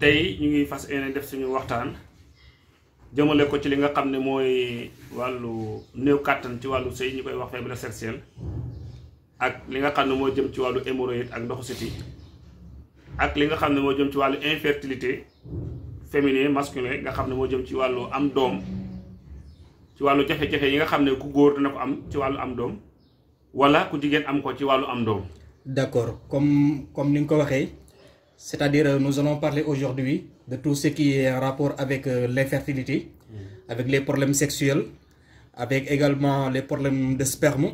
tey ñu ngi fas yéene def suñu waxtaan jëmale ko ci li nga xam ne mooy wàllu néew kàttan ci wàllu sëy ñu koy wax faiblesse sexuelle ak li nga xam ne moo jëm ci wàllu hémorroïde ak siti ak li nga xam ne moo jëm ci wàllu infertilité féminin masculin nga xam ne moo jëm ci wàllu am doom ci wàllu jafe-jafe yi nga xam ne ku góor dana ko am ci wàllu am doom wala ku jigéen am ko ci wàllu am doom. d'accord comme comme ni nga ko waxee. C'est-à-dire, euh, nous allons parler aujourd'hui de tout ce qui est en rapport avec euh, l'infertilité, mhm. avec les problème sexuels, avec également les problèmes de sperme,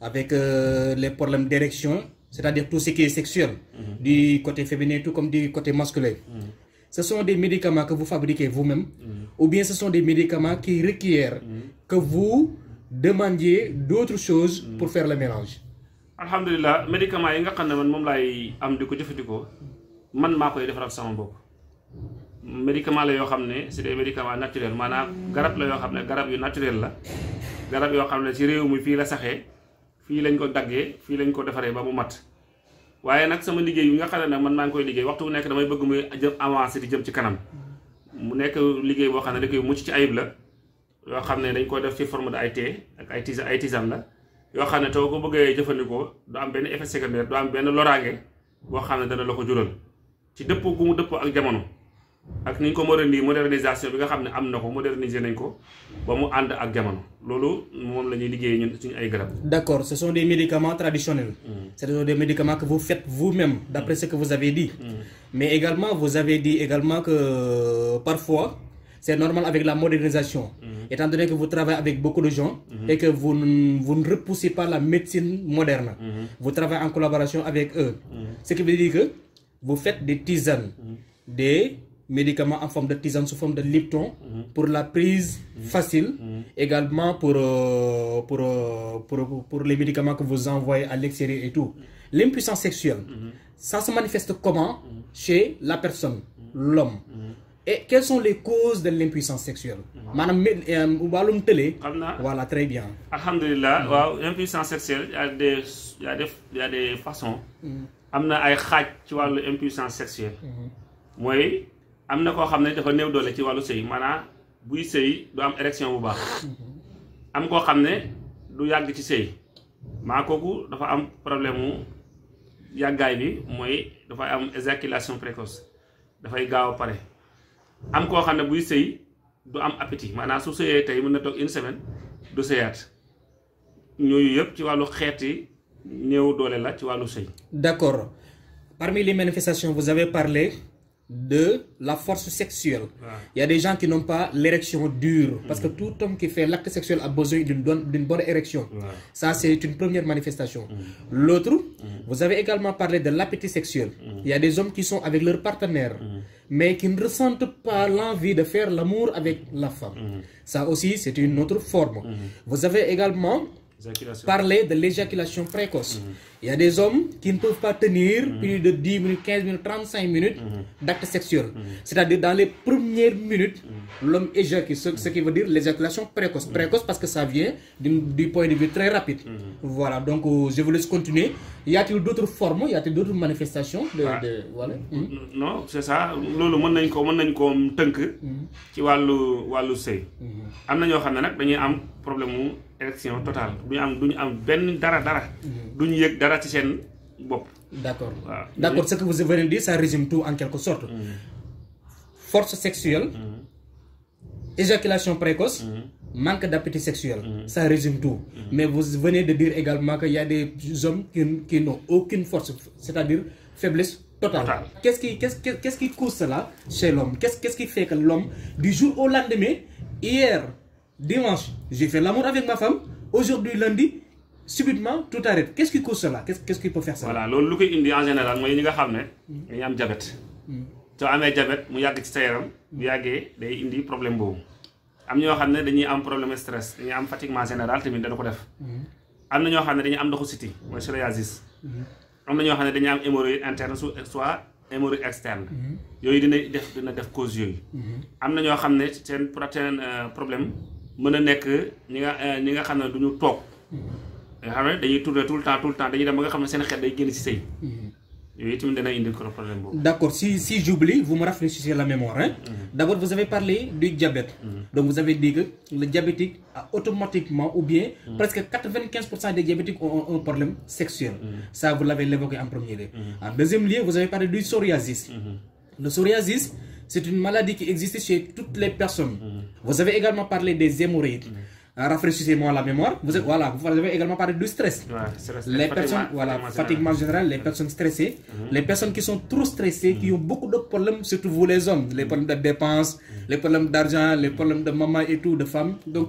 avec euh, les problèmes d'érection, c'est-à-dire tout ce qui est sexuel, mmh. du côté féminin tout comme du côté masculin. Mmh. Ce sont des médicaments que vous fabriquez vous-même, mmh. ou bien ce sont des médicaments qui requièrent mhm. que vous demandiez d'autres choses pour mhm. faire le mélange. Alhamdulillah, médicaments, man maa koy defaral sama bopp médicament la yoo xam ne c'est des médicaments naturels maanaam garab la yoo xam ne garab yu naturel la garab yoo xam ne ci réew mi fii la saxee fii lañ ko daggee fii lañ ko defaree ba mu mat waaye nag sama liggéey yu nga xam ne nag man koy liggéey waxtu bu nekk damay bëgg muy jëm avancé di jëm ci kanam mu nekk liggéey boo xam ne da koy mucc ci ayib la yoo xam ne dañ koy def ci forme de ay thé ak ay tisane ay tisane la yoo xam ne taw ko bëggee jëfandikoo du am benn effet am benn loraange boo xam ne dana la ko jural ci dëppoo gu mu dëppoo ak jamono ak ni ñu ko moderni modernisation bi nga xam ne am na ko moderniser nañ ko ba mu ànd ak jamono loolu moom la ñuy liggéeyee ñu suñu ay garab. d'accord ce sont des médicaments traditionnels. Mm. ce sont des médicaments que vous faites vous-même d'après ce que vous avez dit. Mm. mais également vous avez dit également que euh, parfois. c'est normal avec la modernisation. Mmh. Étant donné que vous travaillez avec beaucoup de gens mmh. et que vous, vous, ne repoussez pas la médecine moderne, mm-hmm. vous faites des tisanes. Mm-hmm. des médicaments en forme de tisane sous forme de lipton. Mm-hmm. pour la prise mm-hmm. facile. également pour, euh, euh, pour, pour, pour, les médicaments que vous envoyez à l'extérieur et tout. L'impuissance sexuelle, ça se manifeste comment chez la personne, l'homme. Et quelles sont les causes de l'impuissance sexuelle maanaam euh, wàllum tële xam voilà très bien alhamdulilah waaw l'impuissance sexuelle y des y a des y a des façons am na ay xaaj ci wàllu impuissance sexuelle mm-hmm. mooy am na koo xam ne dafa new doole ci wàllu sëy maanaam buy sëy du am érection bu baax mm-hmm. am koo xam ne du yàgg ci sëy maa kooku dafa am problème mu yàggaay bi mooy dafa am éjaculation précoce dafay gaaw a pare am koo xam ne buy sëy du am appétit maanaam su sëyee tey mun na toog une semaine du sëyaat ñooyu yëpp ci wàllu xeeti néew doole la ci wàllu sëy. d'accord parmi les manifestations vous avez parlé de la force sexuelle. Ah. Il y a des gens qui n'ont pas l'érection dure. Parce que tout homme qui fait l'acte sexuel a besoin d'une bonne, bonne érection. Ah. Ça, c'est une première manifestation. Ah. L'autre, mm. vous avez également parlé de l'appétit sexuel. Mm. Il y a des hommes qui sont avec leur partenaire, mais qui ne ressentent pas l'envie de faire l'amour avec la femme. Ça aussi, c'est une autre forme. parler de l'éjaculation précoce. Mhm. Il y a des hommes qui ne peuvent pas tenir mhm. plus de 10 minutes, 15 minutes, 35 minutes mhm. d'acte sexuel. C'est-à-dire dans les premières minutes, l'homme éjacule, précoce. Précoce parce que ça vient du, point de vue très rapide. Voilà, donc euh, je vous continuer. Y a d'autres formes, y a d'autres manifestations de, ah. voilà. Hmm? Non, c'est ça. loolu mën nañ ko mën nañ ko hmm. ci wàllu wàllu sëy. Hmm. am na ñoo xam ne nag dañuy am élection totale du ñu am du ñu am benn dara dara. Mhm. du ñu yëg dara ci seen bopp. d' accord waaw d' accord ce que vous venez de dire ça résume tout en quelque sorte. Mhm. force sexuelle. Mhm. éjaculation précoce. manque d'appétit sexuel. Mmh. Ça résume tout. Mmh. Mais vous venez de dire également qu'il y a des hommes qui, qui n'ont aucune force, c'est-à-dire faiblesse totale. Total. Qu'est-ce qui, qu'est-ce, qu'est-ce qui cause jour au lendemain, hier, dimanche, j'ai fait l'amour avec ma femme. Aujourd'hui, lundi, subitement, tout arrête. Qu'est-ce qui cause cela Qu'est-ce qu qui loolu lu koy indi en général mooy ñi nga xam ne. Mm. dañuy am diabète. Mm. soo amee diabète mu yàgg ci sa yaram. bu yàggee day indi problème boobu. am ñoo xam ne dañuy am problème stress dañuy am fatiguement général tamit dana ko def. Mm. am na ñoo xam ne dañuy am ndoxu siti mooy psoriasis. am na ñoo xam ne dañuy am hémorroïde interne soit hémorroïde externe. yooyu dina def dina def cause mm-hmm. am na ñoo xam ne seen protéine euh, problème. mën a nekk ñi nga euh, ñi nga xam ne du ñu toog nga xam ne dañuy tourner tout le temps tout le temps dañuy dem nga xam ne seen xel day génn ci sëy mm-hmm. yooyu itam dana indi problème boobu. d'accord si si j'oublie vous me rafraîchissez la mémoire mm-hmm. d'abord vous avez parlé du diabète. Mm-hmm. donc vous avez dit que le diabétique a automatiquement ou bien. presque quatre-vingt-quinze pour cent des diabétiques ont un problème sexuel. ça vous l'avez évoqué en premier lieu. Le psoriasis, c'est une maladie qui existe chez toutes les personnes. Vous avez également parlé des hémorroïdes. Euh, rafraîchissez-moi la mémoire. Vous, avez également parlé du stress. les personnes, voilà, fatiguement général, les personnes stressées, mhm. les personnes qui sont trop stressées, qui ont beaucoup de problèmes, surtout vous les hommes, les mhm. problèmes de dépenses, mhm. les problèmes d'argent, les problèmes de maman et tout, de femmes. Donc,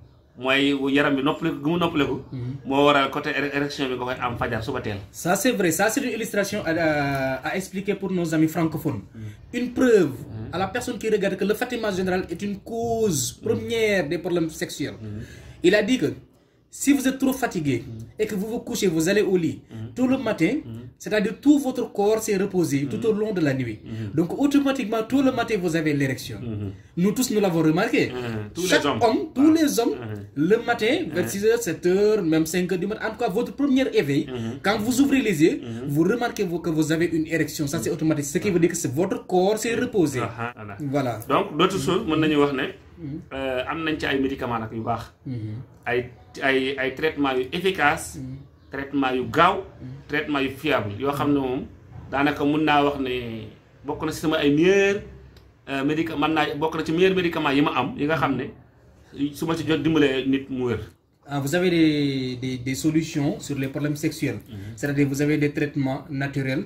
mooy yaram bi noppaleku gu mu noppaleku. Mhm. moo waral côté érection bi nga koy am fajar suba teel. ça c'est vrai ça c'est une illustration à à pour nos amis francophones. Mhm. une preuve. Mhm. à la personne qui regarde que le fatiguement général est une cause première des problèmes sexuels. il a dit Si vous êtes trop fatigué mm. et que vous vous couchez, vous allez au lit mm. tout le matin, mm. c'est-à-dire tout votre corps s'est reposé tout au long de la nuit. Donc automatiquement, tout le matin, vous avez l'érection. Nous tous, nous l'avons remarqué. Tous les hommes. homme, tous ah. les hommes, le matin, vers 6h, 7h, même 5h du matin, en tout cas, votre premier éveil, quand vous ouvrez les vous remarquez que vous avez une érection. Ça, c'est am nañ ci ay ci ay traitement yu efficace traitement yu gaaw traitement yu fiable yoo xam ne mm-hmm. moom daanaka mun naa wax ne bokk na si sama ay meilleur euh, médica man naa bokk na ci meilleur médicament yi ma am yi nga xam ne mm-hmm. su ma ci jot dimbalee nit mu wér ah vous avez des des des solutions sur les problèmes sexuels mm-hmm. c'est-à-dire des traitements naturels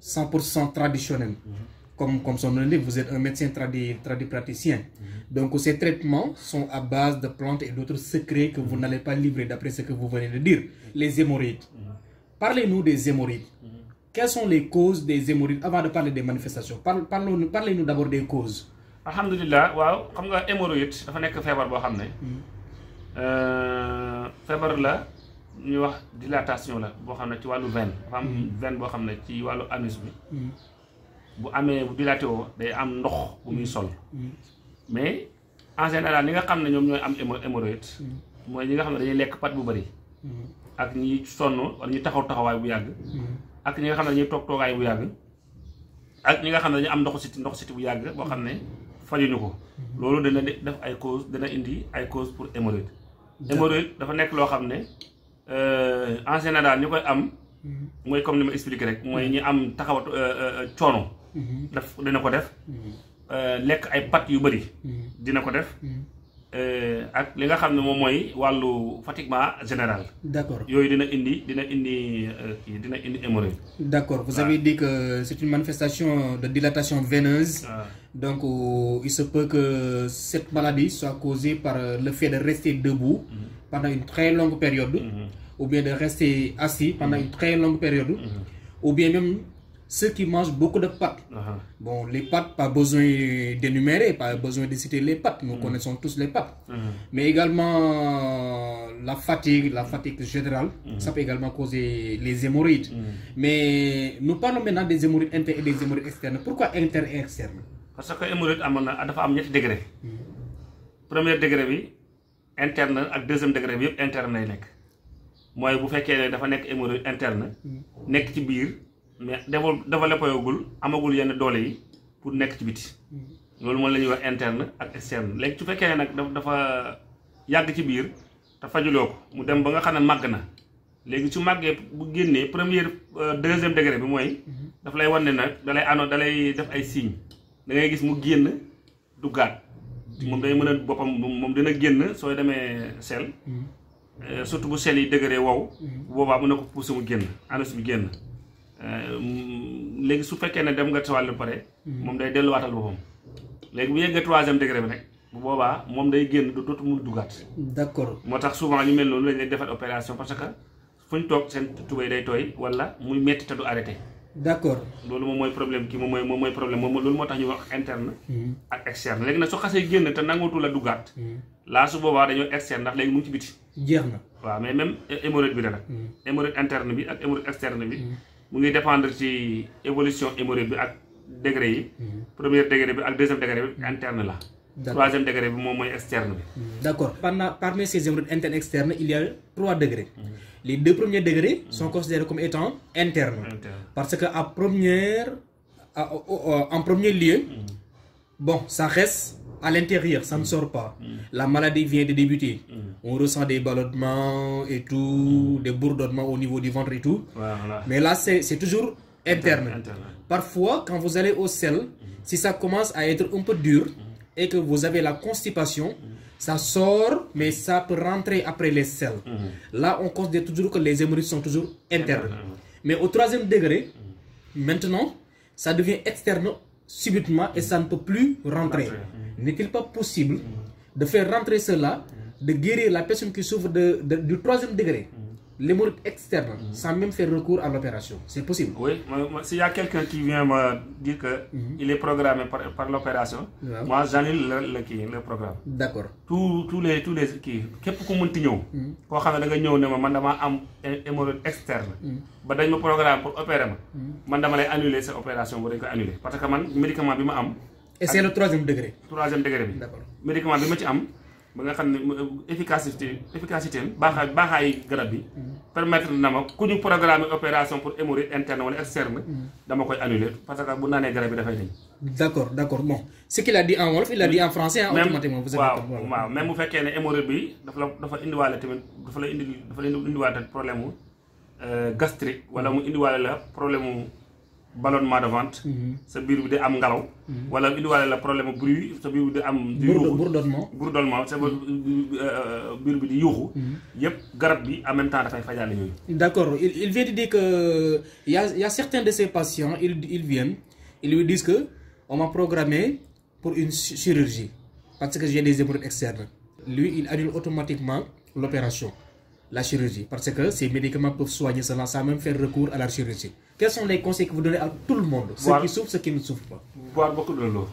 cent pour cent traditionnels comme, comme son nom l'indique, vous êtes un médecin tradi, tradipraticien. Mm Donc ces traitements sont à base de plantes et d'autres secrets que mm -hmm. vous mm-hmm. n'allez pas livrer d'après ce que vous venez de dire. Les hémorroïdes. Mm-hmm. Parlez-nous des hémorroïdes. Quelles sont les causes des hémorroïdes avant de parler des manifestations Parlez-nous parlez d'abord des causes. Alhamdulillah, waaw xam nga hémorroïde dafa nekk feebar boo xam ne euh, feebar la ñuy wax dilatation la boo xam ne ci wàllu veine dafa am veine boo xam ne ci wàllu anus bu amee bu day am ndox bu muy mm. sol mm. mais en général ñi nga xam ne ñoom ñooy am hémorroïde mm. mooy ñi nga xam ne dañuy lekk pat bu bari ak ñi sonn wala ñu taxaw taxawaay bu yàgg ak ñi nga xam ne dañuy toog toogaay ak ñi nga xam ne dañu am ndoxu siti ndox siti bu yàgg boo xam ne fajuñu ko mm-hmm. loolu dana def ay cause dana indi ay cause pour hémorroïde hémorroïde dafa nekk loo xam ne euh, en général ñu koy am mm-hmm. mooy comme ni ma expliqué rek mooy ñi am taxaw euh, euh, coono Mm-hmm. daf dina ko def mm-hmm. euh, lekk ay pat yu bëri mm-hmm. dina ko def euh, ak li nga xam ne moom mooy wàllu fatiguement général d'accord yooyu dina indi dina indi euh, kii dina indi hémorroïde d'accord vous ah. avez dit que c'est une manifestation de dilatation veineuse ah. donc il se peut que cette maladie soit causée par le fait de rester debout pendant une très longue période ou bien de rester assis pendant une très longue période ou bien même ceux qui mangent beaucoup de pâtes. Uh Bon, les pâtes, pas besoin d'énumérer, pas besoin de citer les pâtes, nous mmh. connaissons tous les pâtes. Mmh. Mais également la fatigue, la fatigue générale, mmh. ça peut également causer les hémorroïdes. Mm. Mais nous parlons maintenant des hémorroïdes internes et des hémorroïdes externes. Pourquoi interne et externe Parce que hémorroïde am na dafa am ñetti dégré mm. Premier degré bi interne ak deuxième degré bi yëpp interne lay nekk mooy bu fekkee dafa nekk hémorroïde interne mm. nekk ci biir. mais développé gul amagul yenn doole yi pour nekk ci biti mm-hmm. loolu moom la ñuy wax interne ak externe léegi su fekkee nag dafa yàgg ci biir te fajuloo ko mu dem ba nga xam ne màgg na léegi su màggee bu génnee première euh, deuxième degré bi mooy mm-hmm. daf lay wan ne nag dalay ano dalay def ay signe da ngay gis mu génn duggaat mm-hmm. moom day mën a boppam moom dina génn sooy demee sel euh, surtout bu sel yi degré wow boobaa mën na ko pousser mu génn anus bi génn Euh, léegi su fekkee ne dem nga ci wàllu pare. Hmm. moom day delluwaatal boppam. léegi bu yeggee troisième degré bi nag bu boobaa moom day génn du dootu mun dugaat. d'accord moo tax souvent ñu mel noonu lañ leen defal opération parce que fu ñu toog seen tubéy day tooy wala muy métti te du arrêté. d'accord loolu moom mooy problème kii moom mooy moom mooy problème moom loolu moo tax ñu wax interne. Hmm. ak externe léegi nag su xasee génn te nangootu a duggaat. Hmm. laa s boobaa dañoo externe ndax léegi mu ngi ci jeex na waaw mais même hémorroïde bi la nag. hémorroïde interne bi ak hémorroïde externe bi. mu ngi dépendre ci évolution hémorroïde bi ak degré yi. Mhm. premier degré bi ak deuxième degré bi interne la. troisième degré bi moom mooy externe bi. Mhm. d' accord pendant parmi ces hémorroïdes internes externes il y a trois degrés. Mhm. les deux premiers degrés. sont considérés comme étant internes. parce que à première en premier lieu. bon ça reste. à l'intérieur, ça ne sort pas. Mm. Mm. La maladie vient de débuter. Mm. On ressent des ballottements et tout, des bourdonnements au niveau du ventre et tout. Mais là, c'est toujours interne. interne. Parfois, quand vous allez au sel, si ça commence à être un peu dur et que vous avez la constipation, ça sort, mais ça peut rentrer après les selles. Là, on considère toujours que les hémorroïdes sont toujours internes. Mais au troisième degré, maintenant, ça devient externe subitement est ça ne peut plus rentrer. N'est-il pas possible de faire rentrer cela, de guérir la personne qui souffre de, de du troisième degré mm. l'hémorroïde externe mm -hmm. sans même faire recours à l'opération. C'est possible. Oui, s'il y a quelqu'un qui vient me dire qu'il mhm. mm -hmm. est programmé par, par l'opération, yeah. moi j'annule le, le, le, le, programme. D'accord. Tous, tous les. Tous les qui, qui peut commenter nous Quand on a gagné, on a un hémorroïde externe. Mhm. Bah, dans le programme pour opérer, on a annulé cette opération. Parce que man médicament, Et c'est le troisième degré. Troisième degré. D'accord. Le médicament, je ba nga xam ne efficacité efficacité am baaxaay baaxaayi garab bi permettre na ma ku ñu programme opération pour hémorroïde interne wala externe mm. dama koy annuler parce que bu naanee garab bi dafay dañ d'accord d'accord bon ce qu'il a dit en wolof il a dit en français automatiquement vous waaw waaw même bu fekkee ne hémorroïde bi dafa la dafa indiwaale tamit dafa la indi dafa la indiwaale problème mu euh, gastri wala mu indiwaale la problème mu ballonnement de ventre. Mhm. sa biir bi di am ngelaw. Mhm. wala indiwaale la problème bruit sa biir bi di am. di bourdonnement bourdonnement sa biir euh, bi di yuuxu. Mhm. yëpp garab bi en même dafay fajaale yooyu. d' accord il il vient de dire que y' a y' a certains de ces patients ils ils viennent ils lui programmé pour une chirurgie parce que j'ai des hémorroïdes externes. lui il annule automatiquement l'opération la chirurgie, parce que ces médicaments peuvent soigner cela sans même faire recours à la chirurgie. Quels sont les conseils que vous donnez à tout le monde Boire, qui souffrent, ceux qui ne souffrent pas. Boire beaucoup d'eau.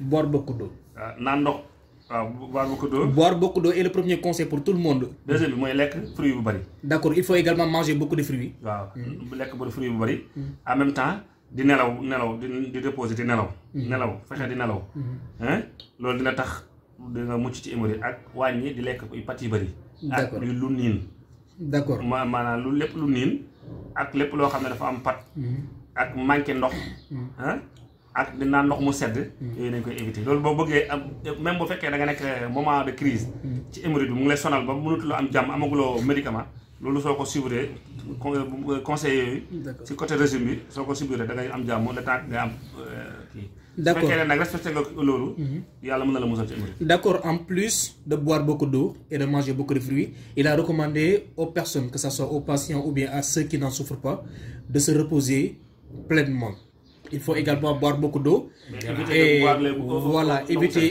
Boire beaucoup d'eau. Ah, ah, boire beaucoup d'eau. Boire beaucoup d'eau est le premier conseil pour tout le monde. Deuxième, moi, lek fruits D'accord, il faut également manger beaucoup de fruits. Lek beaucoup de fruits En même temps, di nelaw nelaw di di reposer di nelaw. Hmm. nelaw fexe di nelaw. Hmm. di ak lu niin d'accord ma maanaam lu lépp lu niin ak lépp loo xam ne dafa am pat mm-hmm. ak manqué ndox mm-hmm. ak di naan ndox mu sedd mm-hmm. yooyu nañ koy éviter loolu boo bëggee am même bu fekkee da nga nekk euh, moment de crise ci hémorroïde bi mu ngi sonal ba mënatuloo am jàmm amaguloo médicament loolu soo ko suivre euh, euh, conseil yooyu ci côté régime bi soo ko suivre dangay am jàmm le temps nga am kii d'accord fekkee ne nag mhm. na la musal ci d'accord en plus de boire beaucoup d'eau et de manger beaucoup de il a recommandé aux personnes que ce soit aux patients ou bien à ceux qui n'en souffrent pas de se reposer pleinement. il faut également boire beaucoup d'eau. et voilà éviter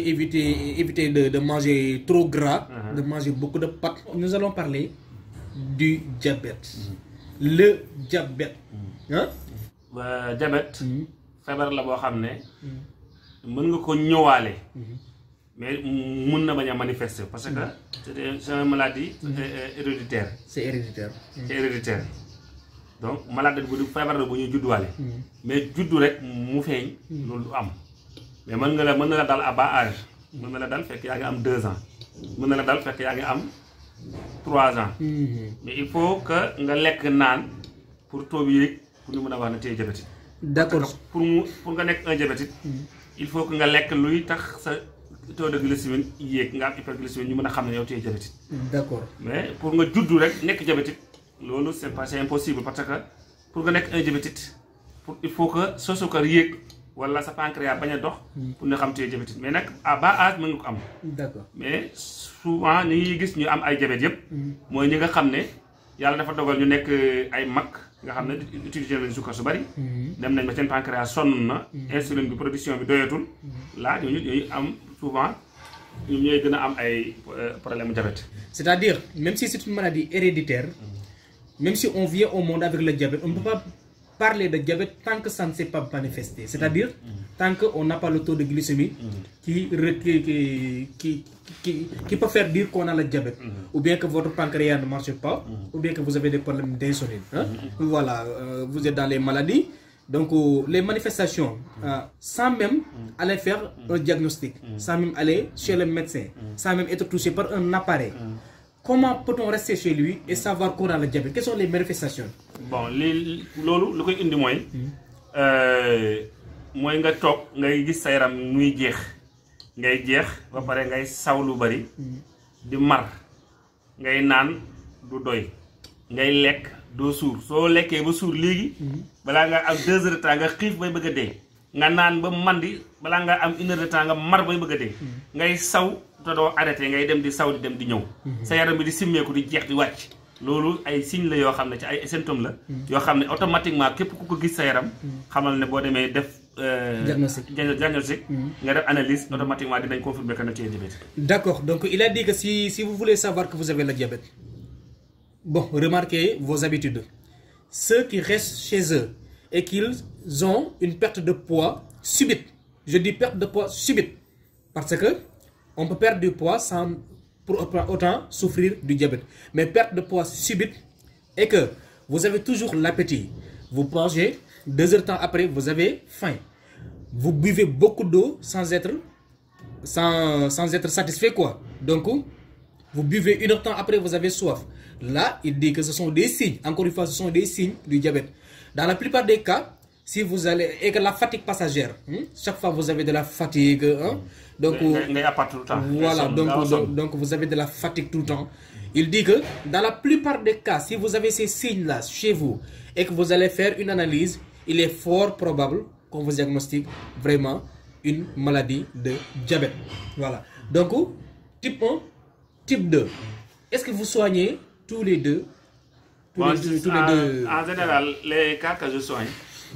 éviter de manger trop gras. Uh-huh. de manger beaucoup de pâtes. nous allons parler du diabète. Mm-hmm. le diabète. feebar la boo xam ne mm-hmm. mën nga ko ñëwaale mm-hmm. mais mun na bañ a parce que mm-hmm. c'est une maladie euh, euh, héréditaire c'est héréditaire donc malade bu feebar la bu ñuy judduwaale mais juddu rek mu feeñ loolu du am mais mën nga la mën na la dal à age âge mën na la dal fekk yaa ngi am deux ans mën na la dal fekk yaa ngi am trois ans mais il faut que nga lekk naan pour taux yi pour ñu mën a wax na tey jabati d'accord pour mu pour nga nekk un diabétique il faut que nga lekk luy tax sa taux de glycémie yéeg nga am hyperglycémie ñu mën a xam ne yow tu es diabétique d'accord mais pour nga juddu rek nekk diabétique loolu c'est pas c'est impossible parce que pour nga nekk un diabétique pour il faut que sa sukar yéeg wala sa pancréas bañ a dox hmm. pour nga xam tu es diabétique mais nag ba bas ma mën nga ko am d'accord mais souvent ñi ngi gis ñu am ay diabète yëpp hmm. mooy ñi nga xam ne yàlla dafa dogal ñu nekk ay mag nga xam ne utilisé nañ sukkar su bari mhm. dem nañ ba seen pancréas sonn na mhm. insuline bi production bi doyatul mhm. laa ñooñu ñooñu am souvent ñoom ñooy gën a am ay euh, problème diabète c'est-à-dire même si c'est une maladie héréditaire même si on au monde avec le diabète parler de diabète tant que ça ne s'est pas manifesté. C'est-à-dire, mm-hmm. Mm-hmm. tant qu'on n'a pas le taux de glycémie mm-hmm. qui, qui, qui, qui, peut faire dire qu'on a le diabète, ou bien que votre pancréas ne marche pas, ou bien que vous avez des problèmes d'insuline. Voilà, euh, vous êtes dans les maladies. Donc, euh, les manifestations, euh, sans même aller faire un diagnostic, sans même aller chez le médecin, sans même être touché par un appareil, comment peut-on rester chez lui et savoir qu'on bon lii loolu lu koy indi mooy euh, mooy nga toog ngay gis sa yaram muy jeex ngay jeex ba pare ngay saw lu bari di mar ngay naan du doy ngay lekk doo suur soo lekkee ba suur léegi balaa nga am deux heures de nga xiif bay bëgg dee nga naan ba mandi balaa nga am une heure de temps nga mar bay bëgg a dee ngay saw te doo arrêté ngay dem di saw di dem di ñëw mhm. sa yaram bi di simmeeku di jeex di wàcc loolu ay signe la yoo xam ne ci ay symptômes la. Mm. yoo xam ne automatiquement képp ku ko gis sa yaram. Mm. xamal ne boo demee def. Euh, diagnostic diagnostic mm. nga def analyse automatiquement dinañ confirmer que ne tu es diabétique. d'accord donc il a dit que si si vous voulez savoir que vous avez le diabète bon remarquez vos habitudes ceux qui restent chez eux et qu'ils ont une perte de poids subite je dis perte de poids subite parce que on peut perdre du poids pour autant souffrir du diabète. Mais perte de poids subite est que vous avez toujours l'appétit. Vous mangez, deux heures de temps après, vous avez faim. Vous buvez beaucoup d'eau sans être, sans, sans, satisfait. quoi. Donc, vous buvez une heure temps après, vous avez soif. Là, il dit que ce sont des signes. Encore une fois, ce sont des signes du diabète. Dans la plupart des cas, si vous allez et que la fatigue passagère chaque fois vous avez de la fatigue donc voilà donc donc vous avez de la fatigue tout le temps il dit que dans la plupart des cas si vous avez ces signes là chez vous et que vous allez faire une analyse il est fort probable qu'on vous diagnostique vraiment une maladie de diabète voilà donc type 1 type 2 est-ce que vous soignez tous les deux tous, bon, tous les deux en général les cas que je soigne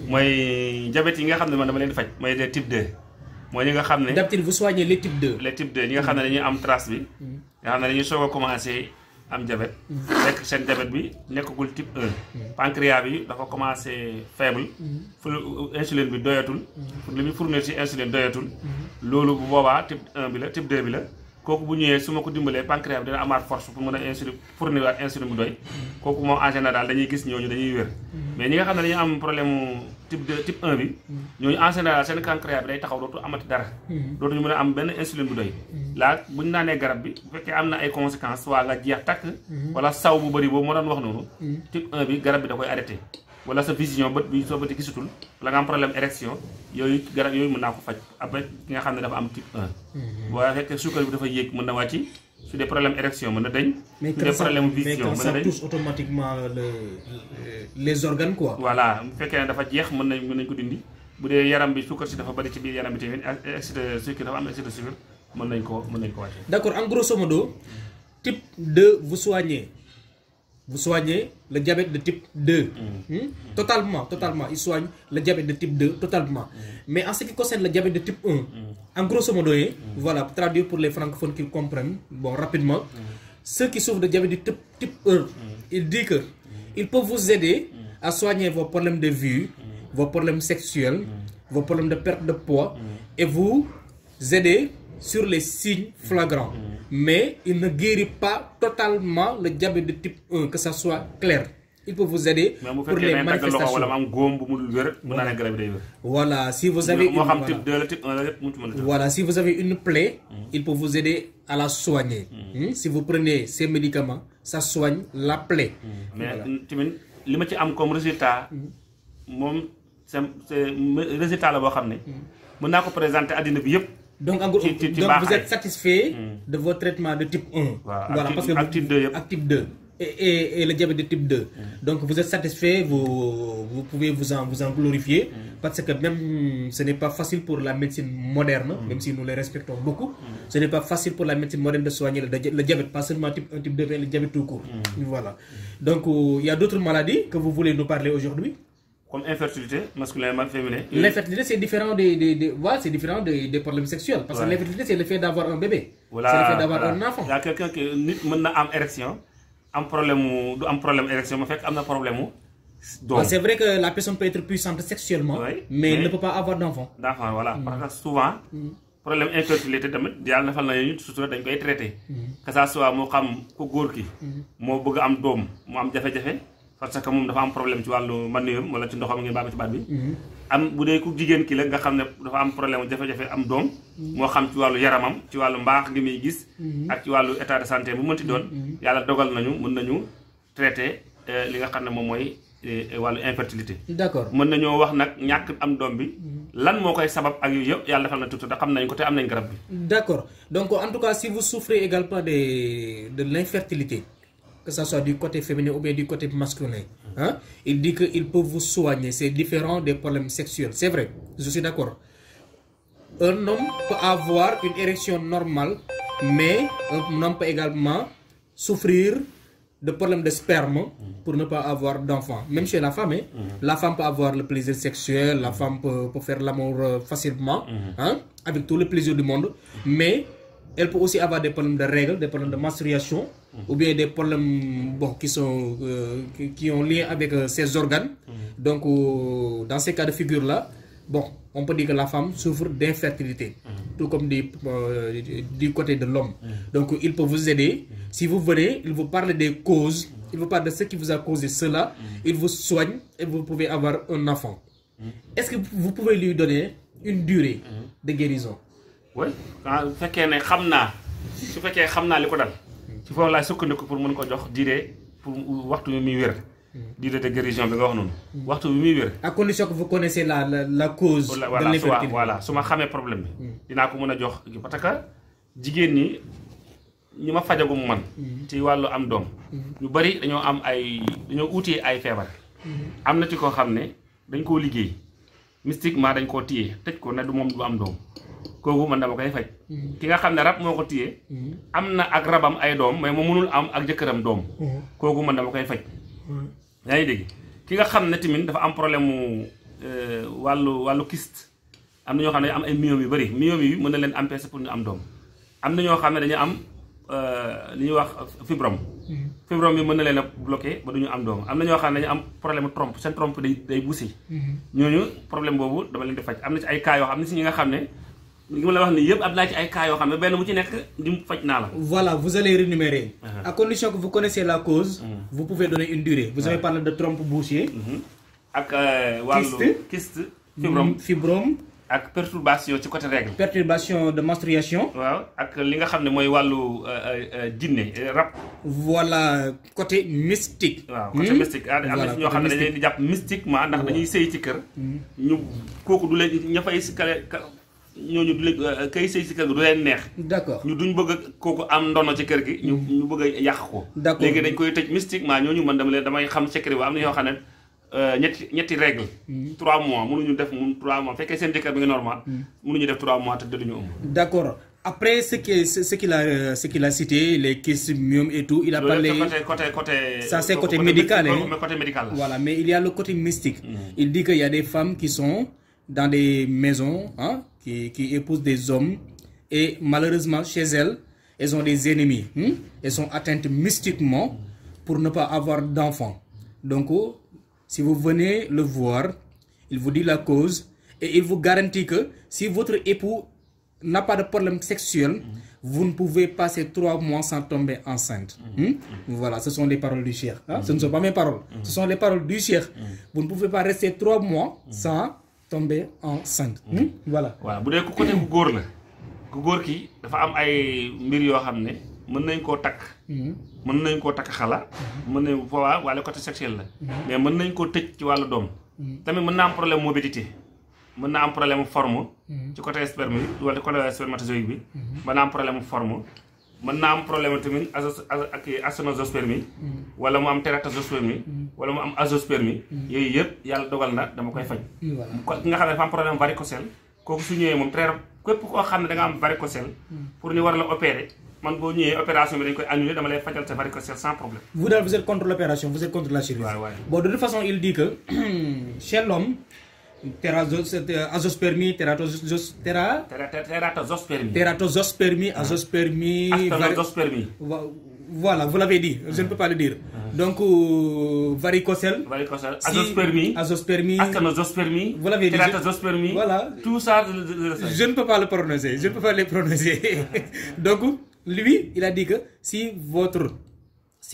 mooy diabète yi nga xam ne man dama leen di faj mooy les type 2 mooy ñi nga xam ne. d'habitude vous soignez les type 2. les type 2 ñi nga xam ne dañuy am trace bi. Mm-hmm. nga xam ne dañuy soog a commencé am diabète. Mm-hmm. fekk seen diabète bi nekkagul type 1. Mm-hmm. pancréas bi dafa commencé faible. fu insuline bi doyatul. li muy fournir si insuline doyatul. loolu bu boobaa type 1 bi la type 2 bi la. kooku bu ñëwee su ma ko dimbalee pancréas bi dina amaat force pour mën a insuline fournir waat insuline bu doy. kooku moom en général dañuy gis ñooñu dañuy wér. mais ñi nga xam ne dañuy am problème mu type de type 1 bi. ñooñu en général seen pancréas bi day taxaw dootu amati dara. loolu ñu mën a am benn insuline bu doy. laa buñ ñu naanee garab bi bu fekkee am na ay conséquences waa nga jeex takk. wala saw bu bëri boobu moo doon wax noonu. type un bi garab bi da koy arrêté. wala sa vision bët bi soo bëti gisatul wala nga am problème érection yooyu garab yooyu mën naa ko faj après ki nga xam ne dafa am type 1 mhm. fekkee na wàcci su dee problème érection na dañ su dee problème vision mën bu fekkee ne dafa jeex mën nañ mën ko dindi bu dee yaram bi suukar si dafa bëri ci biir yaram bi tamit excès de sucre dafa am excès type 2 vous soignez vous soignez le diabète de type 2. Mmh. Hmm? Totalement, totalement. Il soigne le diabète de type 2, totalement. Mmh. Mais en ce qui concerne le diabète de type 1, mm. en grosso modo, mm. voilà, traduit pour les francophones qui comprennent, bon, rapidement, mm. ceux qui souffrent de diabète de type, type 1, il dit que il peut vous aider à soigner vos problèmes de vue, vos problèmes sexuels, vos problèmes de perte de poids, et vous aider sur les signes flagrants. Mm-hmm. Mais il ne guérit pas totalement la diabète de type 1, que ça soit clair. Il peut vous aider pour les manifestations. Voilà, si vous avez une, voilà. voilà, si vous avez une plaie, mm-hmm. il peut vous aider à la soigner. Mm-hmm. Hmm? Si vous prenez ces médicaments, ça soigne la plaie. Mais voilà. Mm, comme résultat, résultat la boo xam ne mën naa ko présenter àddina bi yëpp donc en gros donc vous êtes satisfait mm. de votre traitement de type 1 voilà parce que ak type 2 yëpp type de donc vous êtes satisfait vous vous pouvez vous en glorifier mm. parce que même ce n'est pas facile pour la médecine moderne mm. même si nous les respectons beaucoup ce n'est pas facile pour la médecine moderne de soigner le, diabète pas seulement type 1 type 2 mais tout court voilà donc euh, il a d'autres maladies que vous voulez nous parler aujourd'hui comme infertilité masculin et féminin. L'infertilité, c'est différent des, des, des c'est différent des, des, problèmes Parce que l'infertilité, c'est le fait d'avoir un bébé. Voilà, c'est le fait d'avoir voilà. un enfant. Il y problème, un problème érection, mais que la personne peut être puissante sexuellement, oui, mais, mais, ne peut pas avoir d'enfant. D'enfant, voilà. Mm. Parce que souvent, mm. problème infertilité, il y a des gens qui sont traités. Que ça soit, moi, je suis un homme, je suis un homme, je suis un homme, parce que moom dafa am problème ci wàllu manioom wala ci ndoxam ngeen baal ma ci mhm. am xam ne dafa am am mhm. ci wàllu yaramam ci wàllu mbaax ngi muy gis. Mhm. ak ci wàllu état de santé bu mënti doon. yàlla dogal nañu mën nañu traité euh, li nga xam ne moom mooy euh, wàllu infertilité. d'accord mën nañoo wax nag ñàkk am doom bi. lan moo koy sabab ak yooyu yëpp yàlla defal na tuuti da xam nañ ko te am nañ garab bi. d'accord donc en cas si vous souffrez également de de l'infertilité. que ça soit du côté féminin ou bien du côté masculin. Il dit qu'il peut vous soigner. C'est différent des problèmes sexuels. C'est vrai, je suis d'accord. Un homme peut avoir une érection normale, mais un homme peut également souffrir de problèmes de sperme pour ne pas avoir d'enfant. Même chez la femme, mhm. la femme peut avoir le plaisir sexuel, la mhm. femme peut, peut faire l'amour euh, facilement, mhm. avec tout le plaisir du monde, mais elle peut aussi avoir des problèmes de règles, ou bien des problèmes bon, qui, sont, euh, qui, qui, lien avec euh, ses organes. Mm-hmm. Donc, euh, dans ces cas de figure-là, bon, on peut dire que la femme souffre d'infertilité, mm-hmm. tout comme euh, du, côté de l'homme. Mm-hmm. Donc, il peut vous aider. Si vous venez, il vous parle des causes, il vous parle de ce qui vous a causé cela, il vous soigne et vous pouvez avoir un enfant. Est-ce que vous pouvez lui donner une durée li ko dal ci foofu laay sukkandiku pour mun ko jox durée pour waxtu bi muy wér. durée de guérison bi nga wax noonu. Mm. waxtu bi muy wér. à condition que vous connaissez la la la cause. de l'infertilité voilà su xamee problème bi. Mm. dinaa ko mën a jox parce que jigéen ñi ñi ma fajagum man. Mm. ci wàllu am doom. ñu bari dañoo am ay dañoo uti ay feebar. am na ci koo xam ne dañ koo liggéey mystiquement dañ koo téye tëj ko ne du moom du am doom. kooku man dama koy faj. Mm-hmm. ki nga xam ne rab moo ko téye. Mm-hmm. am na ak rabam ay doom mais mu munul am ak jëkkëram doom. Mm-hmm. kooku man dama koy faj. yaa ngi dégg ki nga xam ne tamit dafa am problème mu euh, wàllu wàllu kyste am na ñoo xam ne am ay myome yu bëri myome yi mën na leen empêcher pour ñu am doom am na ñoo xam ne dañu am euh, li ñuy wax fibrome. fibrome bi mën na leen a ba du ñu am doom am na ñoo xam ne dañu am problème trompe seen trompe day day busi ñooñu problème boobu dama leen faj am na ci ay cas xam ne si ñi nga xam ne. li ma la wax nii yëpp ab laa ci ay cas yoo xam ne benn mu ci nekk di faj naa la. voilà vous allez rémunérer. Uh-huh. à condition que vous connaissez la cause. Uh-huh. vous pouvez donner une durée. vous uh-huh. avez parlé de trompe bouchée. ak euh, wàllu kyste fibrome mm, fibrome. ak perturbation ci côté règle. perturbation de menstruation. waaw ak li nga xam ne mooy wàllu euh, euh, jinne rab. voilà côté mystique. waaw côté hmm? mystique am na ñoo xam ne dañ leen di jàpp mystiquement ndax dañuy sëy ci kër. Hmm. ñu kooku du leen ña fay kale ñooñu du la euh, euh, kay sëy si kër gi du leen neex. d' ñu duñ bëgg kooku am ndono ci kër gi. ñu ñu bëgg yàq ko. d' accord dañ koy tëj mystiquement ñooñu man dama leen damay xam secret ba am na ñoo xam ne euh, ñetti ñetti règle. 3 mm-hmm. mois mënuñu def mun 3 mois fekkee seen jëkkër bi nga mm-hmm. mois te les questions et tout. il a parlé côté côté côté. ça mm-hmm. qui sont. dans des maisons hein, qui, qui, épousent des hommes et malheureusement chez elles, elles ont des ennemis. Hein? Hmm? Elles sont atteintes mystiquement pour ne pas avoir d'enfants. Donc, oh, si vous venez le voir, il vous dit la cause et il vous garantit que si votre époux n'a pas de problème sexuel, vous ne pouvez passer trois mois sans tomber enceinte. Mmh. Mmh. Voilà, ce sont les paroles du chef. Ce ne hmm. sont pas mes paroles, hmm. ce sont les paroles du chef. Vous ne pouvez pas rester trois mois sans tombée enceinte. Hmm. Hmm? voilà voilà bu dee ku côté ku góor la ku góor ki dafa am ay mbir yoo xam ne mën nañ koo takk. Hmm. mën nañ koo takk xala. mën nañ fa waa wala côté sexuel la. mais mën nañ koo tëj ci wàllu doom. tamit mën naa am problème mobilité. mën na am problème forme. ci côté sperme bi wala côté spermatozoïde bi. mën am problème forme. mën naa am problème tamit ak asthénospermie mm. wala mu am tératospermie mm. wala mu am azoospermie mm. yooyu yëpp yàlla dogal na dama koy faj ko ki nga xam ne dafa am problème varicocèle kooku su ñëwee moom très ko koo xam ne da nga am varicocèle pour ñu war la opérer man boo ñëwee opération bi dañ koy annuler dama lay fajal sa varicocèle sans problème vous daal vous êtes contre l'opération vous êtes de toute façon il dit que azospermie tératozos téra. tératozospermie. tératozospermie azospermie. aspermie voilà vous l'avez dit je ne peux pas le dire. Ah. donc euh, varicocèle. varicocèle azospermie. azospermie asténospermie. vous l'avez dit tératozospermie. voilà tout je ne peux pas le prononcer je ne peux pas le prononcer donc lui il a dit que si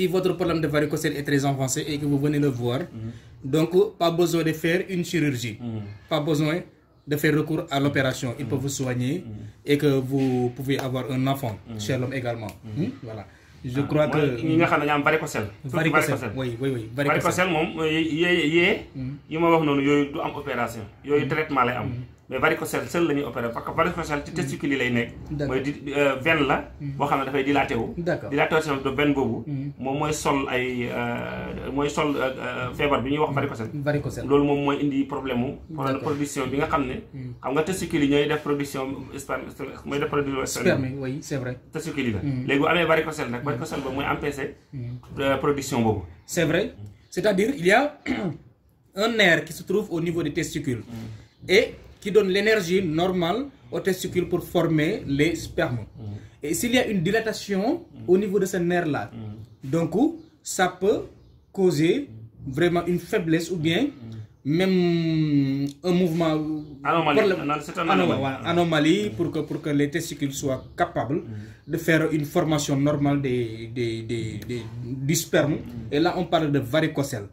votre problème de varicocèle est très avancé et que vous venez le voir. Mhm. Donc, pas besoin de faire une chirurgie, mmh. pas besoin de faire recours à l'opération. Il mm. peut vous soigner mm. et que vous pouvez avoir un enfant mm. chez l'homme également. Hmm? Voilà. Je ah, crois que. ñi nga xam ne ñoo am varicocèle. varicocèle oui oui oui varicocèle moom euh, yee yee hmm. yi ma wax noonu yooyu du am opération yooyu hmm. traitement lay am. mais varicocèle seul la ñuy opéré parce que varicocèle ci testicule yi lay nekk. mooy di euh, veine la. Mm-hmm. boo xam ne dafay dilaté wu. dilatation de veine boobu. Mm-hmm. moom mooy sol ay euh, mooy sol euh, feebar bi ñuy wax varicocèle. varicocèle loolu moom mooy indi problème production bi nga xam ne. Mm-hmm. xam nga testicule yi ñooy def production mooy def production. sperme oui c'est vrai. testicule yi la. léegi bu amee production boobu. c'est vrai c'est-à-dire il y un nerf qui se trouve au niveau des t et qui donne l'énergie normale aux testicules pour former les spermes. Mmh. Et s'il y a une dilatation mm. au niveau de ce nerf-là, mm. donc ça peut causer vraiment une faiblesse ou bien mm. même un mouvement anomalie, pour, le, pour, que, pour que les testicules soient capables mm. de faire une formation normale des, des, des, des du sperme mm. et là on parle de varicocèle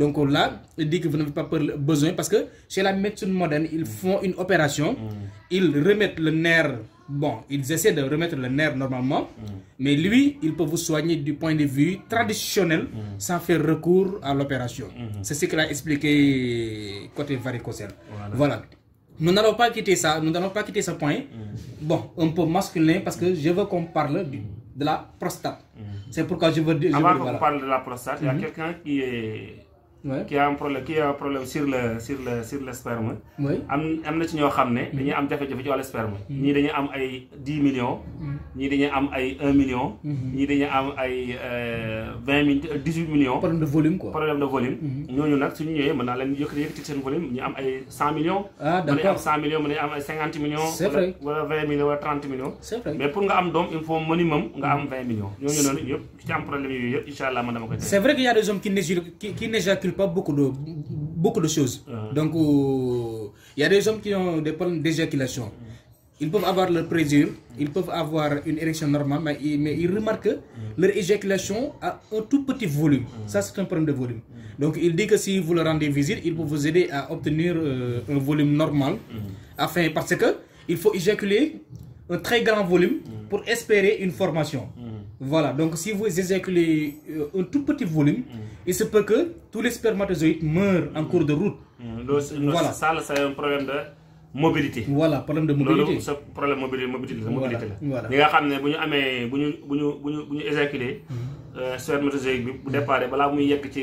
Donc la il dit que vous n'avez pas besoin parce que chez la médecine moderne, ils font une opération, mm. ils remettent le nerf, bon, ils essaient de remettre le nerf normalement, mm. mais lui, il peut vous soigner du point de vue traditionnel mm. sans faire recours à l'opération. C'est ce qu'il a expliqué côté varicocèle. voilà. voilà. Nous n'allons pas quitter ce point. un peu masculin parce que je veux qu'on parle de la prostate. C'est pourquoi je veux de la prostate, il a mm-hmm. quelqu'un qui a un problème qui a un problème sur le sur le sur le sperme. am am na ci ñoo xam ne. dañuy am jafe-jafe ci wàllu sperme. Mm-hmm. ñii dañuy am ay dix millions. Mm-hmm. ñii dañuy am ay million. Mm-hmm. ñii dañuy am ay euh, vingt mille dix huit millions. problème de volume quoi problème de volume. ñooñu nag suñu ñëwee mën naa leen yëkkati yëkkati seen volume ñu am ay cent millions. ah d'accord mën am cent millions wala vingt millions wala trente millions. mais pour nga am doom il faut minimum nga am vingt millions. ñooñu noonu yëpp. ci am problème c'est vrai que y a des hommes qui n'éjaculent pas beaucoup de choses. Euh. donc il euh, y a des hommes qui ont des problèmes d'éjaculation. Ils peuvent avoir leur plaisir, ils peuvent avoir une érection normale, mais ils, remarquent mm. leur éjaculation a un tout petit volume. Mm. Ça, c'est un problème de volume. Mm. Donc, il dit que si vous leur rendez visite, il peut vous aider à obtenir euh, un volume normal, parce que il faut éjaculer un très grand volume pour espérer une Voilà, donc si vous éjaculez euh, un tout petit volume, mm. il se peut que tous les spermatozoïdes meurent en cours de route. Mm, voilà. Ça, c'est un problème de mobilité. Voilà, problème de mobilité. loolu sa problème mobilité mobilité la. mobilité la nga xam ne bu ñu amee bu ñu bu ñu bu ñu éjaculé. Mm-hmm. Euh, spermatozoïde bi bu déparé balaa muy yegg ci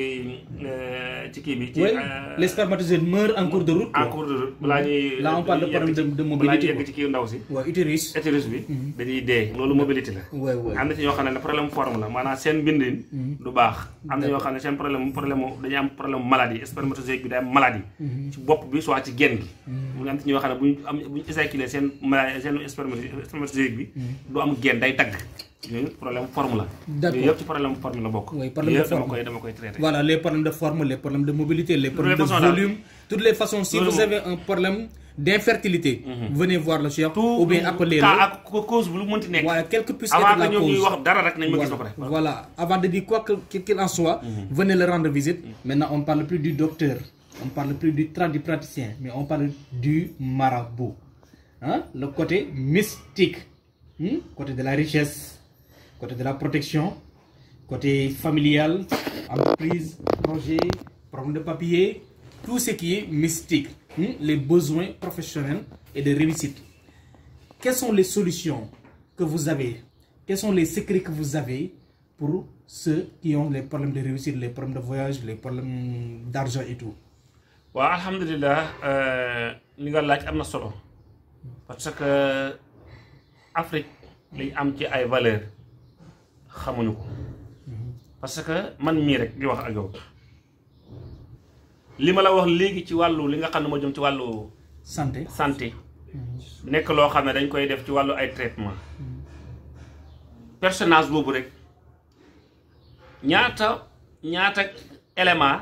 euh, ci kii bi. ci euh, les spermatozoïdes meurent en cours de route. en cours de route balaa ñuy. yegg ci kii ndaw si. waaw utérus. utérus bi. Mhm. dañuy dee. loolu mobilité la. am na ci ñoo xam ne problème forme la maanaam seen bindin. Mhm. du baax am na ñoo xam ne seen problème problème dañuy am problème maladie spermatozoïde bi day am maladie. Mhm. ci bopp bi soit ci genn gi. mu am ci ñoo xam ne bu ñu am bu ñu éjaculé seen maladie seen spermatozoïde bi. du am genn day tagg. yooyu problème forme la. d'accord yooyu yëpp ci problème forme la bokk. oui problème de forme yëpp dama koy dama koy traité. voilà les problèmes de forme les problèmes de mobilité les problèmes de volume. toutes les façons si vous avez un problème d'infertilité. Mhm. venez voir le chef. ou bien appelez le tout cas ak cause bu lu nekk. voilà quelque puisse la cause avant que ñoom mhm. rendre visite. Mhm. maintenant on parle plus du docteur. on parle plus du tradipraticien mais on parle du marabout hmm? de la richesse. côté de la protection côté familial entreprise projet problème de papier tout ce qui est mystique hmm, les besoins professionnels et de réussite quelles sont les solutions que vous avez quels sont les secrets que vous avez pour ceux qui ont les problèmes de réussite les problèmes de voyage les problèmes d'argent et tout waaw alhamdulilah euh, li nga laaj am na solo parce que Afrique li am ci ay valeurs xamuñu ko parce que man ñii rek di wax ak yow li ma la wax léegi ci wàllu li nga xam ne moo jom ci wàllu. santé santé. Mm-hmm. nekk loo xam ne dañ koy def ci wàllu ay traitement mm-hmm. personnage boobu rek ñaata ñaata élément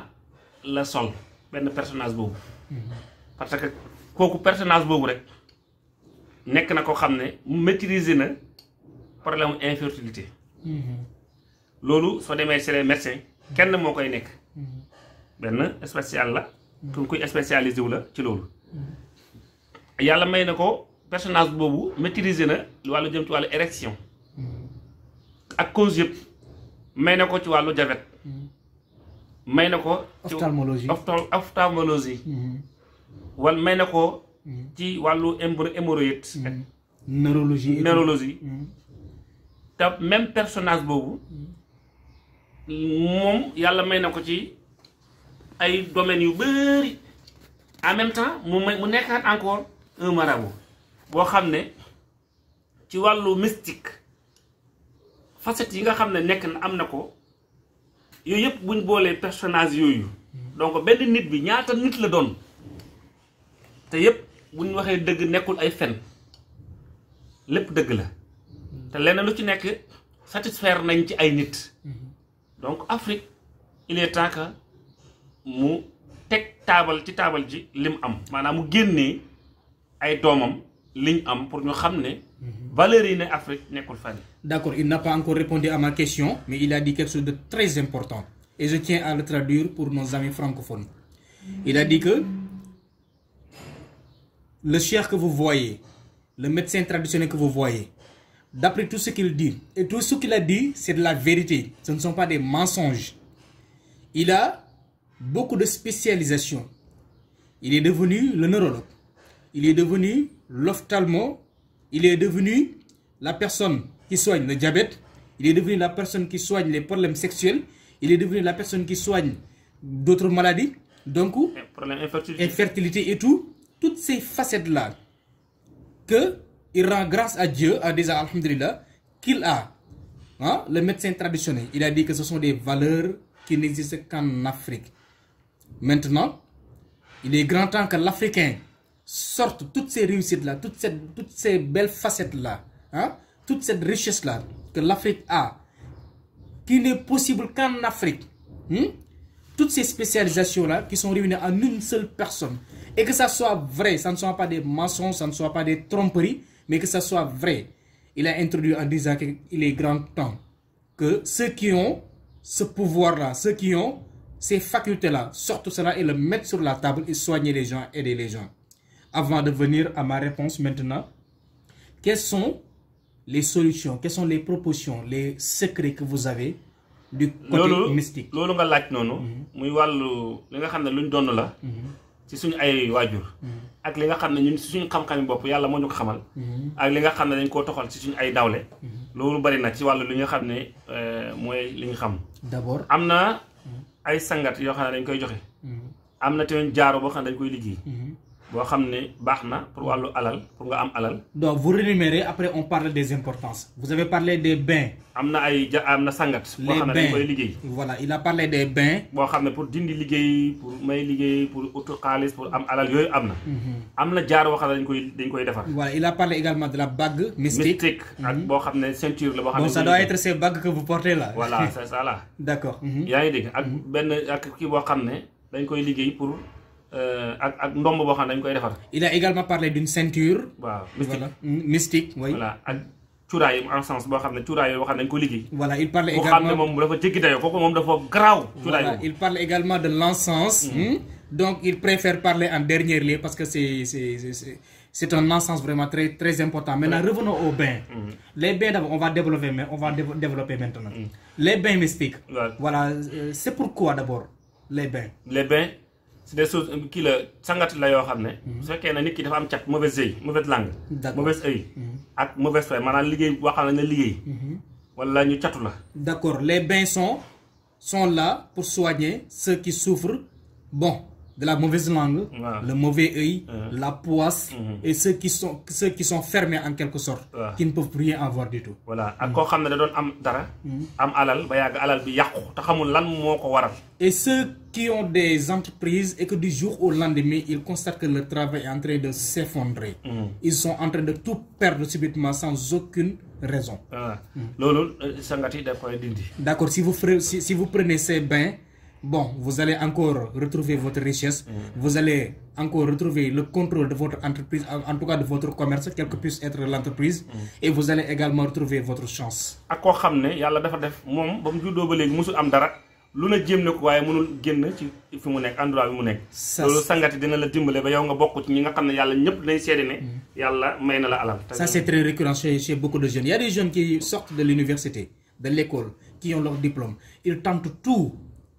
la sol benn personnage boobu mm-hmm. parce que kooku personnage boobu rek nekk na ko xam ne maîtriser na problème infertilité Mm-hmm. loolu soo demee chez les médecins kenn moo koy nekk mm-hmm. benn spécial la mm-hmm. ku kuy spécialisé wu la ci loolu yàlla may na ko personnage boobu maîtriser na wàllu jëm ci wàllu érection ak cause may na ko ci wàllu jabet may na ko ci ophtalmologie wala may na ko ci wàllu hémorroïde neurologie neurologie te même personnage boobu moom yàlla may na ko ci ay domaines yu bëri en même temps mu may mu nekkaat encore un marabout boo xam ne ci wàllu mystique facette yi nga xam ne nekk na am na ko yooyu yëpp buñ boolee personnage yooyu donc benn nit bi ñaata nit la doon te yëpp buñ waxee dëgg nekkul ay fen lépp dëgg la te lenn lu ci nekk satisfaire nañ ci ay nit donc Afrique il est temps que mu teg taabal ci taabal ji lim am maanaam mu génnee ay doomam liñ am pour ñu xam ne valeur yi ne Afrique nekkul fan d'accord il n'a pas encore répondu à ma question mais il a di quelque chose de très important et je tiens à le traduire pour nos amis francophones il a dit que le chef que vous voyez le médecin traditionnel que vous voyez d'après tout ce qu'il dit. Et tout ce qu'il a dit, c'est de la vérité. Ce ne sont pas des mensonges. Il a beaucoup de spécialisations. Il est devenu le neurologue. Il est devenu l'ophtalmo. Il est devenu la personne qui soigne le diabète. Il est devenu la personne qui soigne les problèmes sexuels. Il est devenu la personne qui soigne d'autres maladies. Donc, infertilité. infertilité et tout. Toutes ces facettes-là que il rend grâce à Dieu en disant alhamdulillah qu'il a le médecin traditionnel il a dit que ce sont des valeurs qui n'existent qu'en Afrique maintenant il est grand temps que l'Africain sorte toutes ces réussites là toutes ces toutes ces belles facettes là hein, cette richesse là que l'Afrique a qui n'est possible qu'en Afrique hein, toutes ces spécialisations là qui sont réunies en une seule personne et que ça soit vrai ça ne soit pas des mensonges ça ne soit pas mais que ça soit vrai. Il a introduit en disant qu'il est grand temps que ceux qui ont ce pouvoir-là, ceux qui ont ces facultés-là, sortent cela et le mettent sur la table et soigner les gens, aider les gens. Avant de venir à ma réponse maintenant, quelles sont les solutions, quelles sont les propositions, les secrets que vous avez du côté mystique loolu nga laaj noonu. Mm-hmm. muy wàllu li nga xam ne luñ doon la. Mm-hmm. ci suñu ay waajur mm-hmm. ak li nga xam ne ñun ci suñu xam-xami bopp yàlla moo ñu ko xamal mm-hmm. ak li nga xam ne dañ koo toxal ci suñu ay dawle mm-hmm. loolu bari na ci wàll li nga xam ne euh, mooy li ñu xam d'abord am na ay sangat yoo xam ne dañ koy joxe am na tamit jaaro boo xam ne dañ koy liggéey boo xam ne baax na pour wàllu alal pour nga am alal. donc vous rémunérez après on parle des importances vous avez parlé des bains. am na ay ja am na sangat. boo xam dañ koy liggéey. voilà il a parlé des bains. boo xam ne pour dindi liggéey pour may liggéey pour utu xaalis pour am alal yooyu am na. Mhm. am na jaar boo xam ne dañ koy dañ koy defar. voilà il a parlé également de la bague. mystique mystique ak mhm. boo xam ne ceinture la boo. xam ne bon ça doit être ces bagues que vous portez là. voilà mhm. benn ak kii boo xam ne dañ koy liggéey pour. Euh, ak ndomb boo xam ne dañ koy defar. il a également parlé d'une ceinture. waaw mystique voilà ak cuuraay en boo xam ne cuuraay yoo xam ne dañ ko liggéey. voilà il parle également boo xam ne de l'encens. Mm-hmm. Hmm. donc il préfère parler en dernier lieu parce que c'est c'est c'est un encens vraiment très très important maintenant revenons aux bains mm-hmm. les bains on va développer maintenant mm-hmm. les bains mystiques voilà euh, c'est pourquoi d'abord les bains c'est des choses euh, kii la sangat la yoo xam ne. Mhm. su fekkee na nit ki dafa am cat mauvaise œil mauvaise langue. mauvaise œil mhm. ak mauvaise foi maanaam liggéey boo xam ne nga liggéey. Mhm. wala ñu catu la. d'accord les bains son sont la pour soigner ceux qui souffrent bon. de la mauvaise langue, ah. le mauvais œil, ah. la poisse mm-hmm. et ceux qui sont fermés en quelque sorte. qui ne peuvent rien avoir du tout. voilà ak koo xam ne da doon am dara. Mm-hmm. am alal ba yàgg alal bi yàqu te xamul lan moo ko waral. et ceux qui ont des entreprises et que du jour au lendemain ils constatent que leur travail est en train de s'effondrer. Mm-hmm. ils sont en train de tout perdre subitement sans aucune raison. Mm. loolu euh, sangati da koy dindi. d'accord si vous si, bon, vous allez encore retrouver votre richesse, mm. vous allez encore retrouver le contrôle de votre entreprise, en, tout cas de votre commerce, quelle que puisse être l'entreprise, mm. et vous allez également retrouver votre chance. À quoi xamné yalla dafa def mom bam juddo ba légui musul am dara lu ne jéem na ko waaye mënul génn ci fi mu nekk endroit bi mu nekk. loolu sangati dina la dimbale ba yow nga bokk ñi nga xam ne yàlla ñëpp dinañ seede mm. yàlla may na la y a des jeunes qui sortent de l'université de l'école qui ont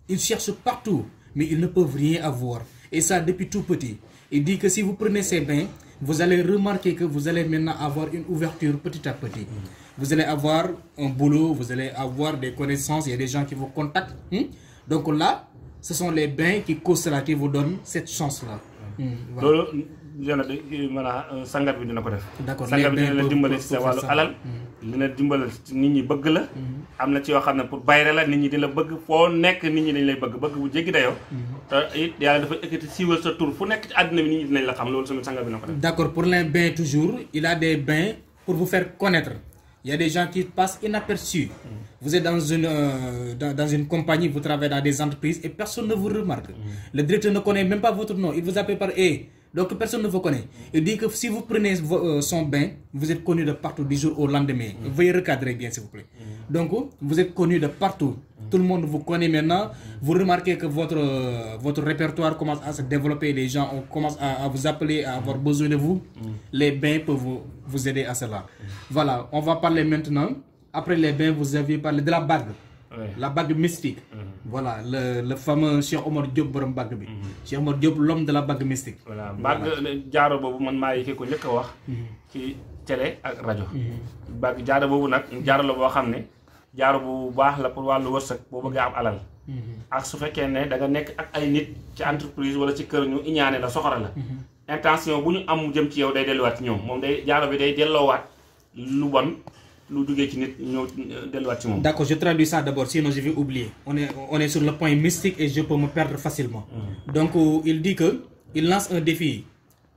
Ils cherchent partout, mais ils ne peuvent rien avoir. Et ça depuis tout petit. Il dit que si vous prenez ces bains, vous allez remarquer que vous allez maintenant avoir une ouverture petit à petit. Mmh. Vous allez avoir un boulot, vous allez avoir des connaissances, il des gens qui vous contactent. Mmh? Donc là, ce sont les bains qui causent cela, qui vous donnent cette chance-là. Hmm, voilà. D'accord, euh, sangat bi dina ko def sangat bi dina la dimbali si li la dimbalal nit ñi bëgg la mm-hmm. am na ci yoo xam ne pour bayre la nit ñi di la bëgg foo nekk nit ñi dañ lay bëgg bu jéggi dayoo mm-hmm. te it yàlla dafa ekkati siiwal sa tur fu nekk ci àddina bi nit ñi dinañ la xam loolu sama sanga bi na ko def d'accord pour les bains toujours il a des bains pour vous faire connaître il des gens qui passent inaperçus mm-hmm. vous êtes euh, dans une compagnie vous travaillez dans des entreprises et personne ne vous remarque le directeur ne connaît Donc personne ne vous connaît. Il dit que si vous prenez euh, son bain, vous êtes connu de partout du jour au lendemain. Mmh. Veuillez recadrer bien s'il vous plaît. Mm. Donc vous êtes connu de partout. Mm. Tout le monde vous connaît maintenant. Mm. Vous remarquez que euh, votre, répertoire commence à se développer. Les gens on commence à, à, vous appeler, à avoir besoin de vous. Les bains peuvent vous, aider à cela. Voilà, on va parler maintenant. Après les bains, vous avez parlé de la barbe. la bague mystique. Mm-hmm. voilà le le fameux Cheikh Omar borom bague bi. Mm-hmm. Cheikh Omar Diop l'homme de la bague mystique. voilà bague euh, jaaro boobu man maa yi ko njëkk a wax. Mm-hmm. ci télé ak rajo. bague jaaro boobu nag jaaro la boo xam ne jaaro bu baax la pour wàllu wërsëg boo bëggee am alal. ak su fekkee ne da nga nekk ak ay nit ci entreprise wala ci kër ñu iñaane la soxora la. intention bu ñu am jëm ci yow day delluwaat ci ñëw moom day jaaro bi day delloowaat lu bon. lu duggee ci nit ñëw euh, delluwaat ci moom. d' accord je traduis ça d' abord sinon je vais oublier on est on est sur le point mystique et je peux me perdre facilement. Mm. donc euh, il dit que il lance un défi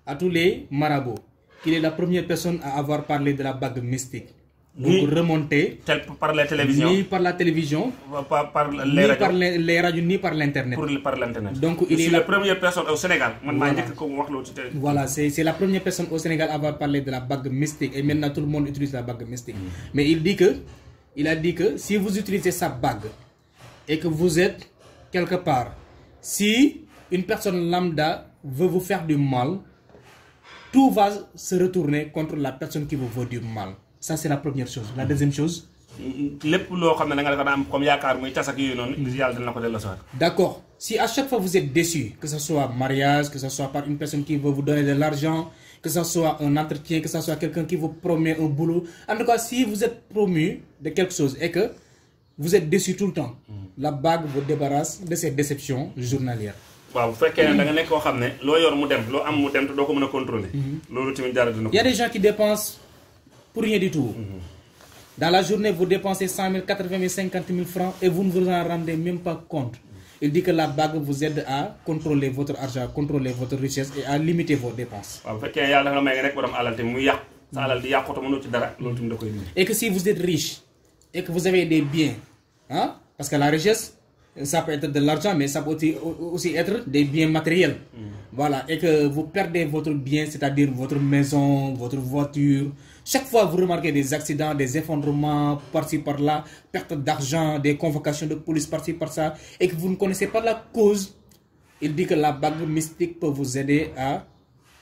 à tous les marabouts qu'il est la première personne à avoir parlé de la bague mystique. donc remonté par la télévision ni par la télévision par, par les ni par les, les radios par l'internet par l'internet donc il Je est suis la... la... première personne au Sénégal voilà, voilà c'est c'est la première personne au Sénégal à avoir parlé de la bague mystique et maintenant tout le monde utilise la bague mystique mm. mais il dit que il a dit que si vous utilisez sa bague et que vous êtes quelque part si une personne lambda veut vous faire du mal tout va se retourner contre la personne qui vous veut du ça c'est la première chose la loo xam ne nga dafa am comme yaakaar muy tas yooyu noonu mm. yàlla dina ko delloo d'accord si à chaque fois vous êtes déçu que ça soit mariage par une personne qui veut vous donner de l'argent que ça soit un entretien que ça soit quelqu'un qui vous promet un boulot en tout si vous êtes promu de quelque chose et que vous êtes déçu tout le temps mm. la bague vous débarrasse de ces déceptions journalières waaw mm-hmm. des pour rien du tout. Dans la journée, vous dépensez 100 000, 80 000, 50 000 francs et vous ne vous en rendez même pas compte. Il dit que la bague vous aide à contrôler votre argent, contrôler votre richesse et à limiter vos dépenses. Et que si vous êtes riche et que vous avez des biens, parce que la richesse, ça peut être de l'argent, mais ça peut aussi, être des mm. bien, cest à Chaque fois, vous remarquez des accidents, des effondrements par-ci par-là, perte d'argent, des convocations de police par-ci par-ça, et que vous ne connaissez pas la cause, il dit que la bague mystique peut vous aider à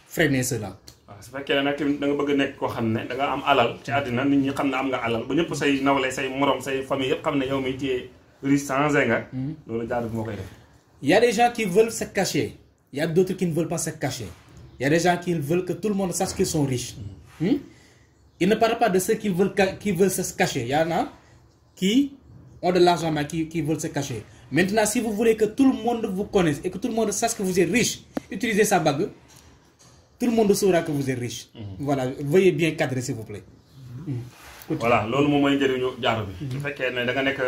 freiner cela. waaw su fekkee nag tamit da nga bëgg nekk koo xam ne danga am alal ci àddina nit ñi xam ne am nga alal ba ñëpp say nawle say morom say famille yëpp xam ne yow mi téye riche changé nga. Hmm. loolu jaarul moo koy def. y a des gens qui y a d'autres a des gens qui veulent que le monde sache qu'ils Il ne par pas de ceux qui veulent, qui veulent se cacher. Il a qui ont de l'argent, mais qui, qui, veulent se cacher. Maintenant, si vous voulez que tout le monde vous connaisse et que tout le monde sache que vous êtes riche, utilisez sa bague. Tout le monde saura que vous êtes riche. Mm -hmm. Voilà, veuillez bien cadrer, s'il vous plaît. Mm -hmm. Voilà, c'est ce que je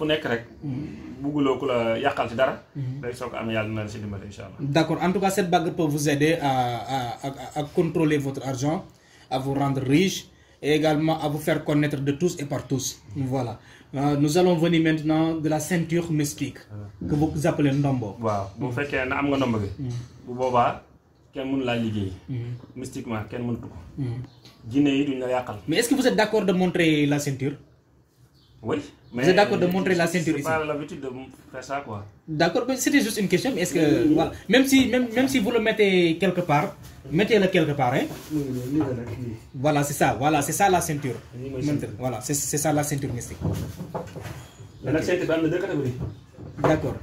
fu nekk rek. Mhm. bugguloo ku la yàqal ci dara. Mhm. day soog am yàlla na la si dimbali incha allah. d' accord en tout cas cette bague à vous rendre riche et également à vous faire connaître de tous et par tous. Voilà. Euh, nous allons venir maintenant de la ceinture mystique. que vous appelez ndombo. waaw bu fekkee ne am nga ndombo bi. Mm. bu boobaa kenn mun laa liggéey. Mm. mystiquement kenn mun ko. Mm. jinne yi duñ la yàqal. mais est-ce que vous êtes d'accord de montrer la ceinture. Oui, mais vous êtes d'accord de montrer la ceinture ici pas l'habitude de faire ça, quoi. D'accord, c'était juste une question. Est-ce que, oui, voilà, si, même, même si vous le quelque part, mettez-le quelque part, hein. Oui, c'est ça, voilà, c'est ça la ceinture. Voilà, c'est ça la ceinture mystique. Mais okay. la ceinture, dans les deux catégories. D'accord.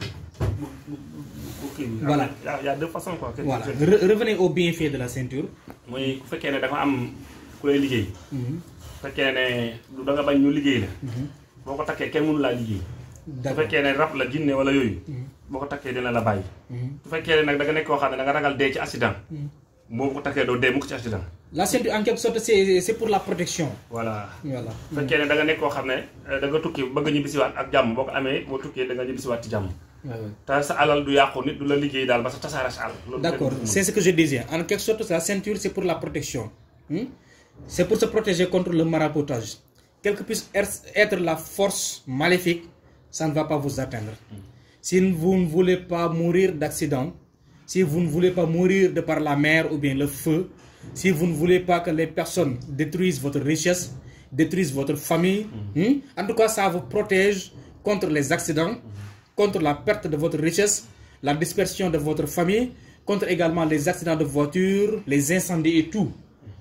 Okay. Voilà. Ah, il y a deux façons, quoi. Voilà. Re revenez au bienfait de la ceinture. Oui, vous faites qu'elle est d'accord, vous pouvez lier. Vous faites qu'elle est, vous avez boo ko takkee kenn mënu laa liggéey bu fekkee ne rab la jinne wala yooyu mm. boo ko takkee dina la bàyyi bu mm. fekkee ne nag da nekk koo xam ne da nga ragal dee ci accident mm. boo ko takkee la seetlu en quelque sorte c'est c'est pour la protection voilà ne da nga nekk euh, nga tukki bëgg ñu bisiwaat ak jàmm boo ko amee boo tukkee da nga ñu bisiwaat ci jàmm te sa alal du yàqu nit du la liggéey daal ba sa tasaara sa alal d'accord c'est ce que je disais en quelque sorte la ceinture c'est pour la protection hmm? c'est pour se protéger contre le maraboutage quelle que puisse être la force maléfique, ça ne va pas vous atteindre. Si vous ne voulez pas mourir d'accident, si vous ne voulez pas mourir de par la mer ou bien le feu, si vous ne voulez pas que les personnes détruisent votre richesse, détruisent votre famille, mm-hmm. hmm, en tout cas, ça vous protège contre les accidents, mm-hmm. contre la perte de votre richesse, la dispersion de votre famille, contre également les accidents de voiture, les incendies et tout.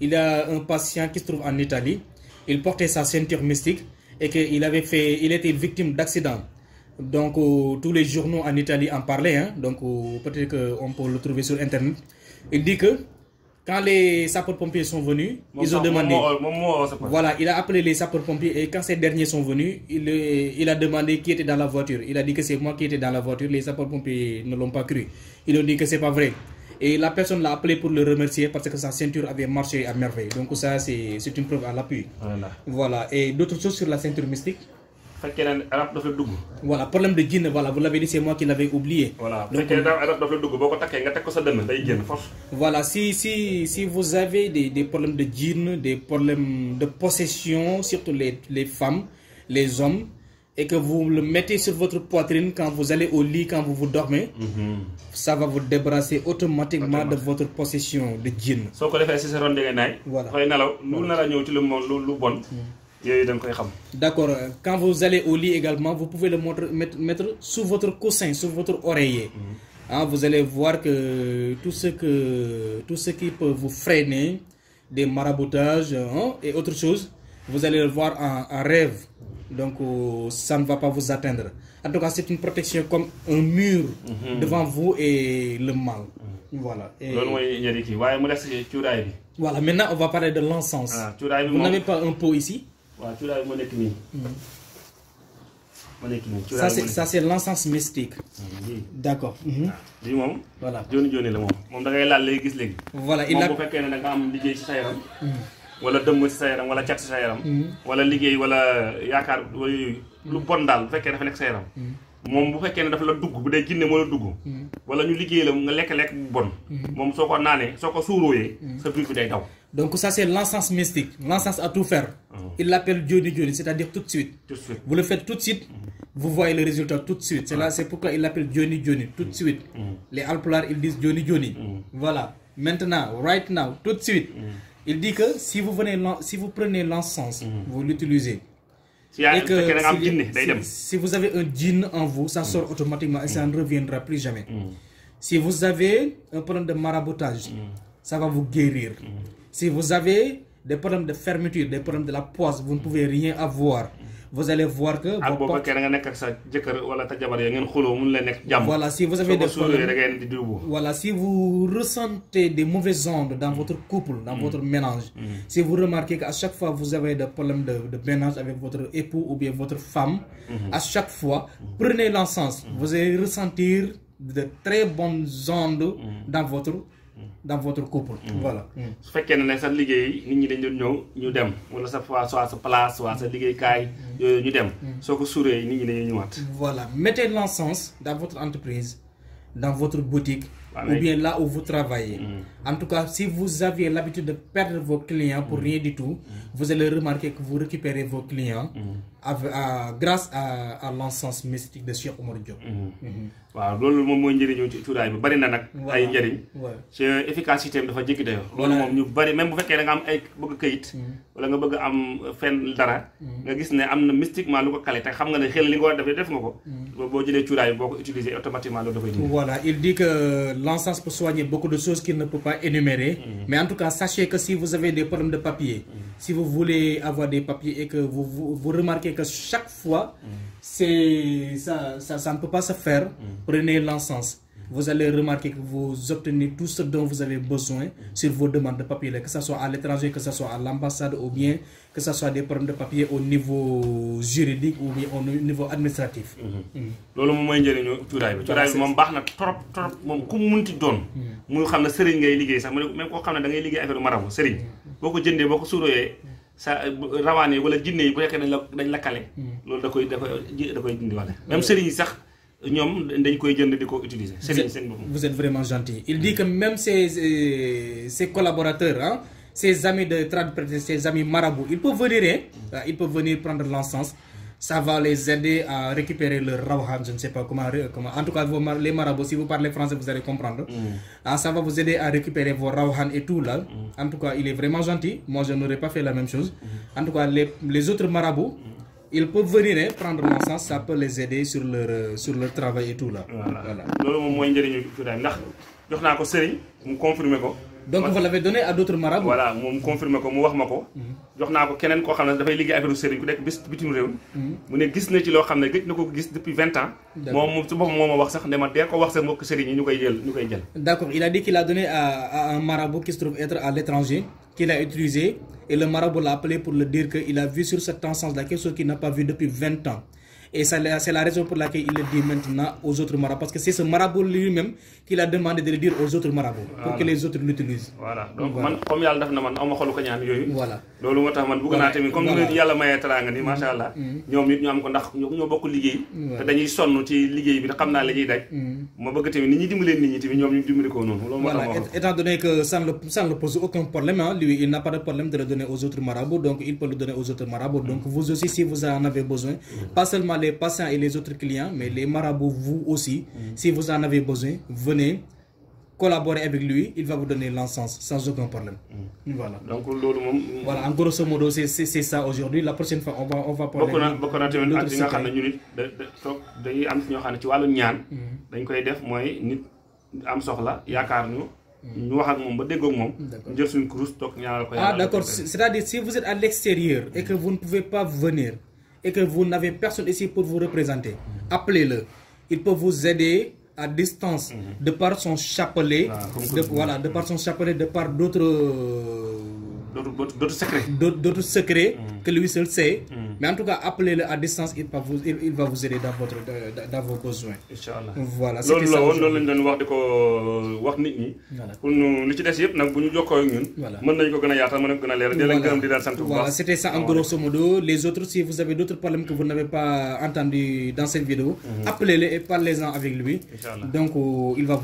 il y a un patient qui se trouve en Italie. Il portait sa ceinture mystique et qu'il avait fait, il était victime d'accident. Donc euh, tous les journaux en Italie en parlaient, hein, donc euh, peut-être qu'on peut le trouver sur Internet. Il dit que quand les sapeurs-pompiers sont venus, bon, ils ont demandé. Bon, bon, voilà, il a appelé les sapeurs-pompiers et quand ces derniers sont venus, il, euh, il, a demandé qui était dans la voiture. Il a dit que c'est moi qui étais dans la voiture. Les sapeurs-pompiers ne l'ont pas cru. Ils ont dit que c'est pas vrai. Et la personne l'a appelé pour le remercier parce que sa ceinture avait marché à merveille. Donc ça, c'est une preuve à l'appui. Voilà. Et d'autres choses sur la ceinture mystique dugg. voilà problème de jinne voilà vous l'avez dit c'est moi qui l'avais oublié. voilà la dugg boo ko takkee nga teg ko sa dënn day génn force. voilà si si si vous avez des des problèmes de jinne des problèmes de possession surtout les les femmes les hommes. et que vous le mettez sur votre poitrine quand vous allez au lit, quand vous vous dormez, mm-hmm. va vous débarrasser automatiquement de votre possession de djinn. soo ko defee si sa ron da voilà lu nar a ñëw ci lu moom lu lu bon. Mm. yooyu da koy xam. d'accord euh, quand vous allez au lit également vous pouvez le mettre mettre, mettre sous votre coussin sous votre oreiller. Mm-hmm. vous allez voir que tout ce que tout ce qui peut vous freiner des maraboutages et autre chose. vous allez le voir en, en rêve. Donc, euh, ça ne va pas vous atteindre. En tout cas, c'est une protection comme un mur mm -hmm. devant vous et le mal. Mm -hmm. Voilà. Et... Voilà, maintenant, on va parler de l'encens. Ah, vous n'avez pas un pot ici mhm. ça c'est l'encens mystique. Mhm, d'accord. Mhm. Ah, lii moom. voilà jooni jooni la moom moom ngay laal léegi gis léegi. voilà il a moom bu fekkee wala dëmm si sa yaram mm-hmm. wala liggéey wala yaakaar wala yooyu lu mm-hmm. bon daal bu fekkee dafa nekk sa yaram mm-hmm. moom bu fekkee ne dafa la dugg bu dee jinne moo la dugg wala ñu liggéey la nga lekk-lekk bu bon moom soo ko naanee soo ko suurooyee sa biir bi day daw donc ça c'est l'encens mystique l'encens à tout faire uh-huh. il l'appelle Dioni Dioni c'est-à-dire tout suite vous le faites tout suite vous voyez le résultat tout suite c'est là uh-huh. c'est pourquoi il l'appelle Dioni Dioni il dit que si vous venez si vous prenez l'encens, mhm. vous l'utilisez. Si, et que si, si, vous avez un djinn en vous, ça sort mhm. automatiquement et ça ne mhm. reviendra plus jamais. Si vous avez un problème de maraboutage, ça va vous guérir. Si vous avez des problèmes de fermeture des problèmes de la poisse vous ne pouvez rien avoir vous allez voir que. ak boobu fekkee da nekk ak sa jëkkër wala ta jabar ya ngeen xuloo mun la nekk jàmm. voilà si vous avez des problèmes voilà si vous ressentez des mauvaises ondes dans votre couple. dans mm. votre ménage. Mm. si vous remarquez que à chaque fois vous avez des problèmes de de votre époux mm-hmm. à chaque fois prenez l'encens. Mm. vous allez ressentir de très bonnes dans votre couple. Mm. Mm. voilà mm. su fekkee ne sa liggéey nit ñi dañ doon ñëw ñu dem wala sa soit sa place soit sa liggéeykaay yooyu ñu dem. soo ko suuree nit ñi dañuy ñëwaat. voilà mettez l'encens dans votre entreprise dans votre boutique. ou bien la où vous travaillez. En tout cas, si vous aviez l'habitude de perdre vos clients pour mmh. rien du tout, mmh. vous allez remarquer que vous récupérez vos clients mmh. avec, grâce à, à l'encens de Cheikh Omar Diop. Mm-hmm. Mm-hmm. waaw loolu moom mooy njëriñu ci cuuraay bi bari na nag. ay njëriñ. ci efficacité am dafa jéggi dayoo. loolu moom ñu bari même bu fekkee da am ay bëgg këyit. Mm-hmm. wala nga bëgg am fenn dara. nga gis ne am na mystiquement lu ko kale te xam nga ne xel li nga war a def def nga ko. boo jëlee cuuraay bi boo ko de choses qu'il ne peut pas énumérées. Mm-hmm. Mais en tout cas, sachez que si vous avez des problèmes de papier, mm-hmm. si vous voulez avoir des papiers et que vous, vous, vous remarquez que chaque fois, mm-hmm. c'est ça, ça, ça, ne peut pas se faire, prenez l'encens. vous allez remarquer vous obtenez tout ce dont vous avez besoin sur vos demandes de papier, que ce soit à l'étranger, que ce soit à l'ambassade ou bien que ce soit des problèmes de papier au niveau juridique ou bien au niveau administratif. Mhm. Mhm. loolu moom mooy njëriñu cuuraay bi. cuuraay bi moom baax na trop trop moom ku mu munti doon. Mhm. mu xam ne sëriñ ngay liggéey sax même koo xam ne da ngay liggéey affaire marabu sëriñ boo ko jëndee boo ko suurooyee sa eh, rawaan yi wala jinne yi bu fekkee dañ la dañ la kale. loolu da da koy da koy dindi wala sax. ñoom dañ koy jënd di ko utiliser. vous êtes vraiment gentil. il dit mm. que même ses euh, ses collaborateurs ah ses amis de trad ses amis marabouts ils peuvent venir hein. Euh, prendre l'encens ça va les aider à récupérer leur rawhan, je ne sais pas comment, euh, En tout cas, vos, les marabouts, si vous parlez français, vous allez comprendre. Mm. Ah, va vous aider à récupérer vos rawhan et tout là. Mm. En tout cas, il est vraiment gentil. Moi, je n'aurais pas fait la même chose. Mm. En tout cas, les, il peuvent venir et prendre mon sens ça peut les aider sur leur euh, sur leur travail et loolu moom mooy njëriñu tuuti ndax jox naa ko sëriñ mu confirmer ko. donc vous l'avez donné à d'autres marabouts voilà moom confirmé ko mu wax ma ko mhm. jox naa ko keneen koo xam ne dafay liggéey affaire sëriñ ku nekk bis bitim réew mhm. mu ne gis na ci loo xam ne gëj na ko gis depuis vingt ans moom moom su boppam moo ma wax sax ne ma dee ko wax sa mbokk sëriñ yi ñu koy jël ñu koy jël d'accord il a dit qu'il a donné à, à un marabout qui se trouve être à l'étranger qu'il a utilisé et le marabout l'a appelé pour le dire qu'il a vu sur cette transcendance-là quelque chose qu'il n'a pas vu depuis vingt ans et c'est la raison pour laquelle il le dit maintenant aux autres marabouts parce que c'est ce marabout lui-même qu'il a demandé de le dire aux autres pour que les autres l'utilisent voilà donc man comme yàlla def na man awma xolu ko ñaan yooyu voilà loolu moo tax man bëgg naa tamit comme yàlla mayee teraanga ni macha allah mm-hmm. Mm-hmm. ñoom it ñu am ko ndax ñoo bokk liggéey te dañuy sonn ci liggéey bi te xam naa la daj mm-hmm. ma bëgg tamit nit ñi dimbaleen nit ñi tamit ñoom ñu dimbali noonu loolu moo tax que ça ne ça ne pose aucun problème ah lui il n'a pas de problème venez collaborer avec lui il va vous donner l'encens sans aucun problème. Mm. voilà donc loolu moom. na bokk na tamit ak li nga nit da da toog dañuy am ñoo xam ne ci wàllu mm-hmm. soxla yaakaar ñu. Mm-hmm. ñu wax moom ba déggoog moom. d'accord jël suñu kurus toog ñaanal ko. ah d'accord c'est-à-dire si vous êtes à l'extérieur. et que vous ne pouvez pas venir. et que vous n'avez personne ici pour vous représenter. Mm-hmm. appelez-le il peut vous aider. à distance, mhm. de par son chapelet, ah, de, voilà, de par son chapelet, de par d'autres euh, d'autres secrets. Mm. que lui seul sait. Mm. Mais en tout cas, appelez-le à distance, il va vous, aider dans, votre, dans vos besoins. Inch'Allah. Voilà, c'est ça. loolu wax di ko euh, wax nit ñi. pour ñu li ci des yëpp nag bu ñu jokkoo ñun. mën nañu ko gën a yaatal mën nañu ko gën a leeral. di leen gërëm di leen sant bu baax. voilà c'était ça en grosso modo les autres si vous avez d'autres problèmes que vous n'avez pas entendu dans cette vidéo. Mhm. appelez-le et parlez avec lui. donc euh, il va